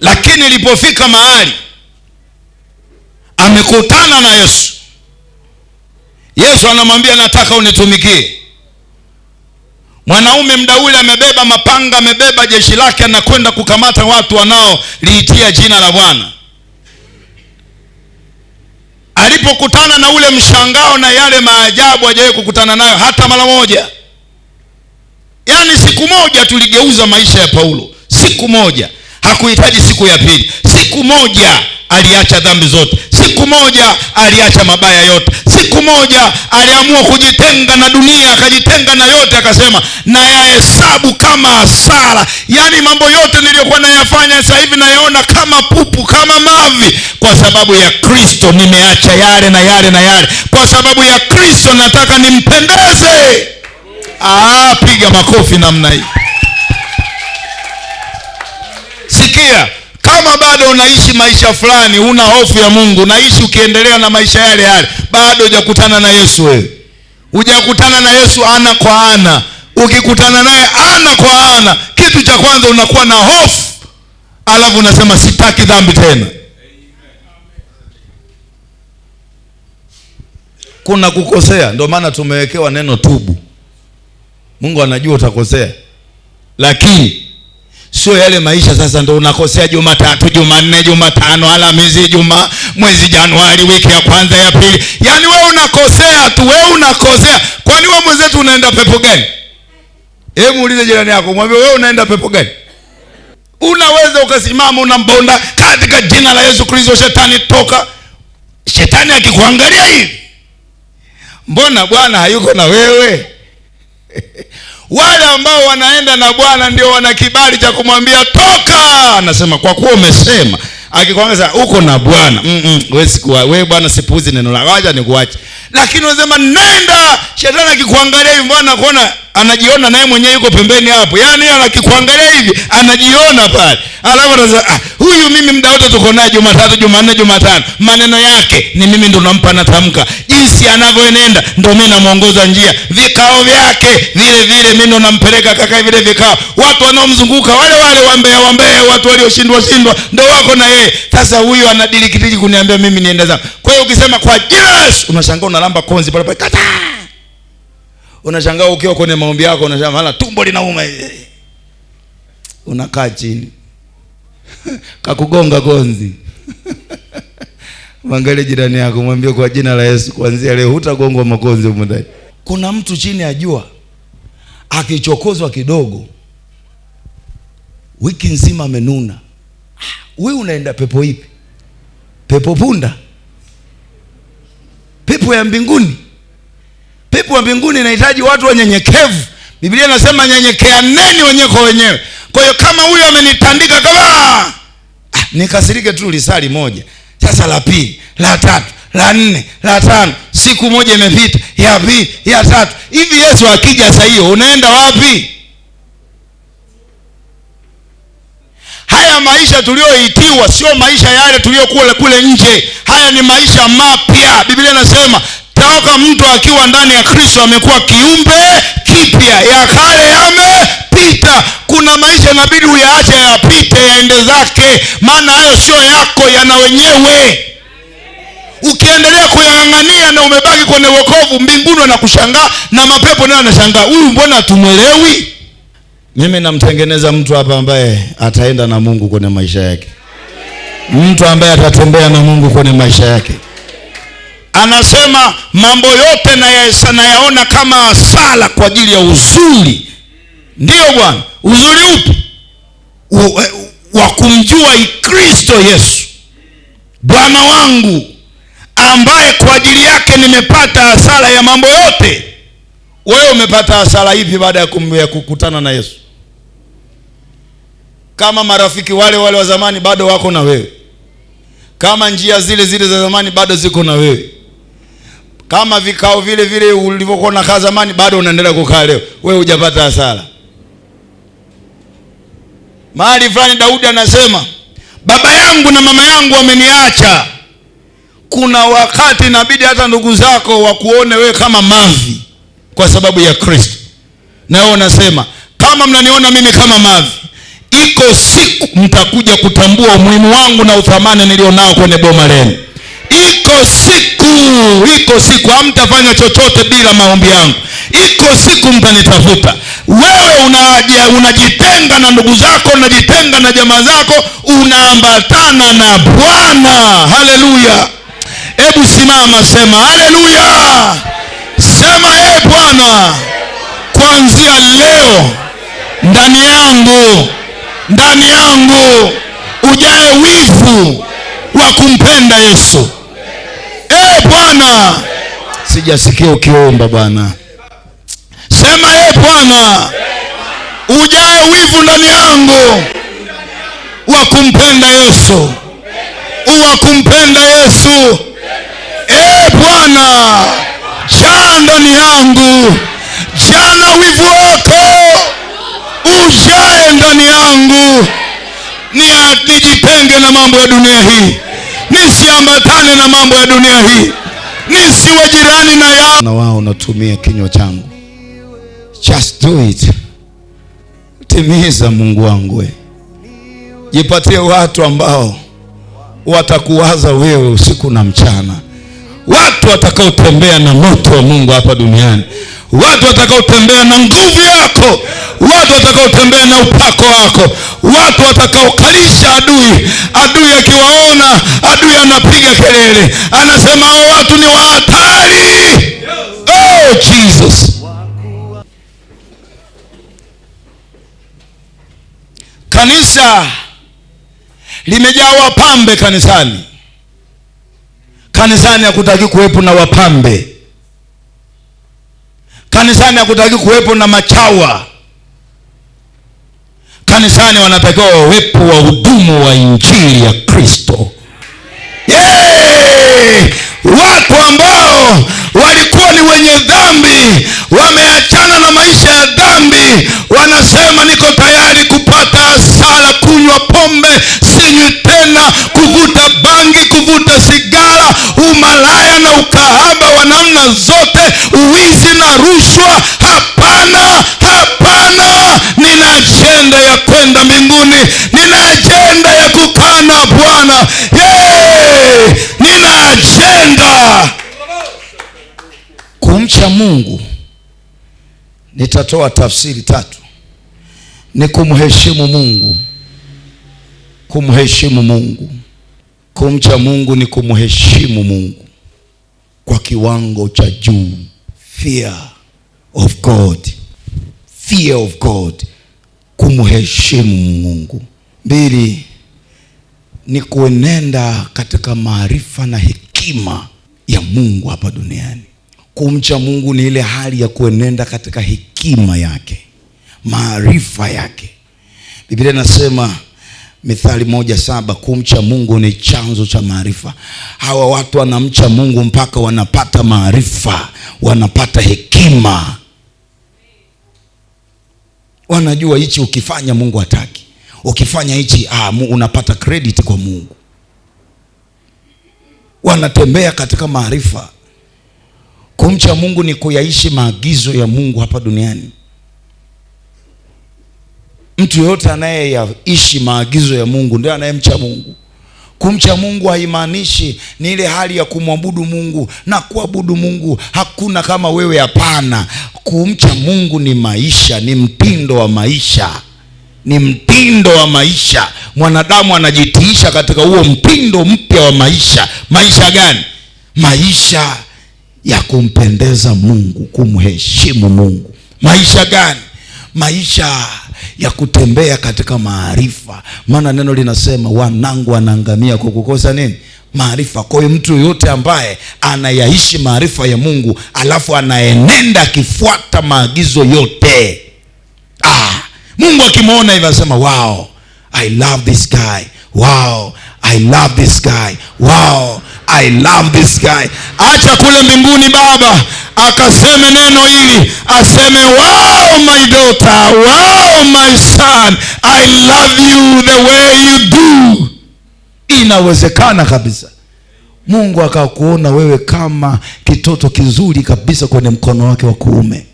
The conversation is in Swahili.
lakini ilipofika mahali amekutana na Yesu, Yesu anamwambia nataka unitumikie. Mwanaume mda ule amebeba mapanga, amebeba jeshi lake, anakwenda kukamata watu wanaoliitia jina la Bwana. Alipokutana na ule mshangao na yale maajabu hajawahi kukutana nayo hata mara moja. Yaani siku moja tuligeuza maisha ya Paulo, siku moja hakuhitaji siku ya pili. Siku moja aliacha dhambi zote, siku moja aliacha mabaya yote, siku moja aliamua kujitenga na dunia, akajitenga na yote, akasema nayahesabu kama hasara. Yaani mambo yote niliyokuwa nayafanya sasa hivi nayaona kama pupu, kama mavi, kwa sababu ya Kristo nimeacha yale na yale na yale, kwa sababu ya Kristo nataka nimpendeze. Aa, ah, piga makofi namna hii. kama bado unaishi maisha fulani, una hofu ya Mungu, unaishi ukiendelea na maisha yale yale, bado hujakutana na Yesu wewe, hujakutana na Yesu ana kwa ana. Ukikutana naye ana kwa ana, kitu cha kwanza unakuwa na hofu, alafu unasema sitaki dhambi tena. Kuna kukosea, ndio maana tumewekewa neno tubu. Mungu anajua utakosea, lakini Sio yale maisha sasa, ndo unakosea Jumatatu, Jumanne, Jumatano, Alhamisi, Juma, mwezi Januari, wiki ya kwanza, ya pili. Yaani wewe unakosea tu, wewe unakosea. Kwani wewe mwenzetu unaenda pepo gani? Hebu muulize jirani yako, mwambie wewe unaenda pepo gani? Unaweza ukasimama unambonda katika jina la Yesu Kristo, shetani toka. Shetani akikuangalia hivi, mbona Bwana hayuko na wewe? Wale ambao wanaenda na Bwana ndio wana kibali cha kumwambia toka, anasema kwa kuwa umesema. Akikwambia uko na Bwana mm -mm, wewe sikuwa wewe bwana, sipuuzi neno lako, acha nikuache. Lakini unasema nenda, shetani akikuangalia hivi, mbona anakuona anajiona naye mwenyewe yuko pembeni hapo, yaani anakikuangalia hivi anajiona pale, alafu anasema ah, huyu mimi muda wote tuko naye, Jumatatu, Jumanne, Jumatano, maneno yake ni mimi ndo nampa, natamka jinsi anavyoenenda ndo mi namwongoza njia vikao vyake vile vile mi ndo nampeleka kaka vile vikao watu wanaomzunguka wale wale wambea wambea watu walioshindwa shindwa ndo wako na yeye sasa huyu anadilikitiki kuniambia mimi niende zangu kwa hiyo ukisema kwa Yesu unashangaa unalamba konzi pale pale kata unashangaa ukiwa kwenye maombi yako unashangaa mara tumbo linauma unakaa chini kakugonga konzi Mwangalie jirani yako, mwambie kwa jina la Yesu, kuanzia leo hutagongwa makonzi huko ndani. Kuna mtu chini ya jua akichokozwa kidogo, wiki nzima amenuna. Wewe ah, unaenda pepo ipi? Pepo punda? Pepo ya mbinguni? Pepo ya mbinguni inahitaji watu wanyenyekevu. Biblia inasema nyenyekeaneni wenyewe kwa wenyewe. Kwa hiyo kama huyo amenitandika kama ah, nikasirike tu lisali moja sasa la pili, la tatu, la nne, la tano. Siku moja imepita, ya pili, ya tatu. Hivi Yesu akija saa hiyo unaenda wapi? Haya maisha tuliyoitiwa sio maisha yale tuliyokuwa kule nje. Haya ni maisha mapya. Biblia inasema toka mtu akiwa ndani ya Kristo amekuwa kiumbe kipya, ya kale yamepita kuna maisha inabidi uyaache yapite, yaende zake, maana hayo sio yako, yana wenyewe. Ukiendelea kuyang'ang'ania na umebaki kwenye wokovu, mbinguni anakushangaa na mapepo nayo anashangaa, huyu mbona tumwelewi? Mimi namtengeneza mtu hapa ambaye ataenda na Mungu kwenye maisha yake, mtu ambaye atatembea na Mungu kwenye maisha yake. Anasema mambo yote nayaona kama sala kwa ajili ya uzuri ndiyo bwana uzuri upi e, wa kumjua kristo yesu bwana wangu ambaye kwa ajili yake nimepata hasara ya mambo yote wewe umepata hasara hivi baada ya kukutana na yesu kama marafiki wale wale wa zamani bado wako na wewe kama njia zile zile za zamani bado ziko na wewe kama vikao vile vile ulivyokuwa unakaa zamani bado unaendelea kukaa leo wewe hujapata hasara Mahali fulani Daudi anasema baba yangu na mama yangu wameniacha. Kuna wakati inabidi hata ndugu zako wakuone wewe kama mavi kwa sababu ya Kristo, na wewe unasema kama mnaniona mimi kama mavi, iko siku mtakuja kutambua umuhimu wangu na uthamani nilionao kwenye boma lenu. Iko siku, iko siku hamtafanya chochote bila maombi yangu. Iko siku mtanitafuta wewe unajitenga unajitenga na ndugu zako, unajitenga na jamaa zako, unaambatana na Bwana. Haleluya! Hebu simama, sema haleluya, sema e Bwana, kuanzia leo ndani yangu ndani yangu ujae wivu wa kumpenda Yesu. E Bwana, sijasikia ukiomba Bwana, sema ee Bwana, ujae wivu ndani yangu wa kumpenda Yesu, wa kumpenda Yesu. E Bwana, jaa ndani yangu, jaa na wivu wako, ujae ndani yangu, nijitenge na mambo ya dunia hii, nisiambatane na mambo ya dunia hii, nisiwe jirani na yao na wao, natumia kinywa changu Just do it. Timiza Mungu wangu, jipatie watu ambao watakuwaza wewe usiku na mchana, watu watakaotembea na moto wa Mungu hapa duniani, watu watakaotembea na nguvu yako, watu watakaotembea na upako wako, watu watakaokalisha adui. Adui akiwaona, adui anapiga kelele, anasema watu ni wa hatari. Oh, Jesus Kanisa limejaa wapambe kanisani. Kanisani hakutaki kuwepo na wapambe. Kanisani hakutaki kuwepo na machawa. Kanisani wanatakiwa wawepo wahudumu wa injili ya Kristo. Yeah! Watu ambao walikuwa ni wenye dhambi wameachana na maisha ya dhambi ajenda ya kwenda mbinguni, nina ajenda ya kukaa na Bwana. Hey, nina ajenda kumcha Mungu. Nitatoa tafsiri tatu: ni kumheshimu Mungu, kumheshimu Mungu. Kumcha Mungu ni kumheshimu Mungu kwa kiwango cha juu. Fear of God, fear of God kumheshimu Mungu. Mbili ni kuenenda katika maarifa na hekima ya Mungu hapa duniani. Kumcha Mungu ni ile hali ya kuenenda katika hekima yake, maarifa yake. Biblia inasema Mithali moja saba, kumcha Mungu ni chanzo cha maarifa. Hawa watu wanamcha Mungu mpaka wanapata maarifa, wanapata hekima wanajua hichi ukifanya mungu hataki ukifanya hichi ah, unapata credit kwa mungu wanatembea katika maarifa kumcha mungu ni kuyaishi maagizo ya mungu hapa duniani mtu yoyote anayeyaishi maagizo ya mungu ndio anayemcha mungu Kumcha Mungu haimaanishi ni ile hali ya kumwabudu Mungu na kuabudu Mungu hakuna kama wewe, hapana. Kumcha Mungu ni maisha, ni mtindo wa maisha, ni mtindo wa maisha. Mwanadamu anajitiisha katika huo mtindo mpya wa maisha. Maisha gani? Maisha ya kumpendeza Mungu, kumheshimu Mungu. Maisha gani? Maisha ya kutembea katika maarifa, maana neno linasema wanangu wanaangamia kwa kukosa nini? Maarifa. Kwa hiyo mtu yoyote ambaye anayaishi maarifa ya Mungu alafu anaenenda akifuata maagizo yote ah, Mungu akimwona hivyo anasema wow, I love this guy. Wow, I love this guy. Wow, I love this guy. Acha kule mbinguni Baba akaseme neno hili, aseme wow my daughter, wow my son, I love you the way you do. Inawezekana kabisa Mungu akakuona wewe kama kitoto kizuri kabisa kwenye mkono wake wa kuume.